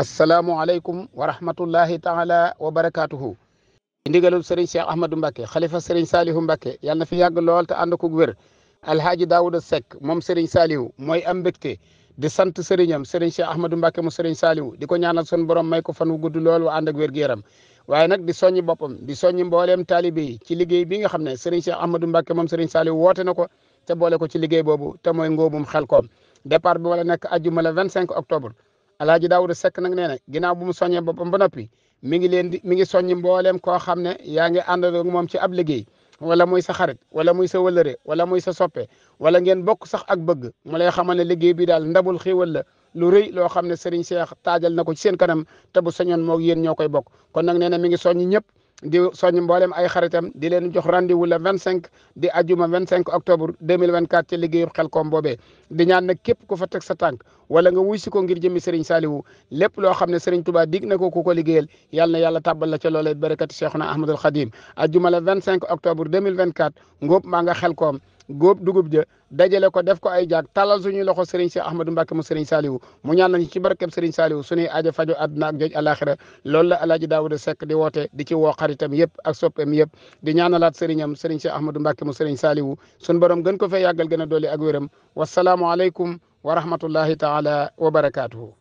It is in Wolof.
asalaamualeykum wa rahmatullahi taala wa barakaatuhu ndigalul sëriñ Cheikh Ahmadou Mbacke xalifa sëriñ Salihu mbake yàlla na fi yàgg lool te ànd ko wér alhaaji Daouda sek moom sëriñ Salihu mooy am mbégte di sant sëriñam sëriñ Cheikh Ahmadou mbake mu sëriñ Salihu di ko ñaanal sun borom may ko fan wu gudd lool wa ànd ak wér gu yaram waaye nag di soññi boppam di soññi mbooleem taalibe yi ci liggéey bi nga xam ne sëriñ Cheikh Ahmadou Mbacke moom sëriñ Salihu woote na ko te boole ko ci liggéey boobu te mooy ngóobum xel koom départ bi wala nekk ajjuma le 25 octobre alaaji daawuda sekk nag nee na ginnaaw bu mu soññee boppam ba noppi mi ngi leen di mi ngi soññ mbooleem ko xam ne yaa ngi ànd ak moom ci ab liggéey wala muy sa xarit wala muy sa wëlëre wala muy sa soppe wala ngeen bokk sax ak bëgg mu lay xama ne liggéey bi daal ndabul xéewal la lu rëy loo xam ne Serigne Cheikh taajal na ko ci seen kanam te bu sañoon moog yéen ñoo koy bokk kon nag nee na mi ngi soññ ñëpp di soññ mboolem ay xaritam di leen jox rendez-vous le vingt cinq di ajuma vingt cinq octobre deux mille vingt quatre ci xel Xelkom boobee di ñaan nag képp ku fa teg sa tànk wala nga wuy si ko ngir jëmi Serigne Saliou lépp loo xam ne Serigne Touba dig na ko ku ko liggéeyal yal na yàlla tàbbal la ca loolee barakati Cheikhuna Ahmadul Khadim ajuma le vingt cinq octobre deux mille vingt quatre ngóob maa xel Xelkom góob dugub ja dajale ko def ko ay jaag talal suñuy loxo Serigne Cheikh Ahmadou Mbacke mu Serigne Saliou mu ñaan nañu ci barkeb Serigne Saliou suñuy aajo fajo àdduna ak jooj alaxira loolu la Alaaji Daawuda Seck di woote di ci woo xaritam yëpp ak soppeem yëpp di ñaanalaat sëriñam Serigne Cheikh Ahmadou Mbacke mu Serigne Saliou suñ borom gën ko fee yàggal gën a dolli ak wéram wasalaamualeykum wa rahmatullahi taala wa barakaatuhu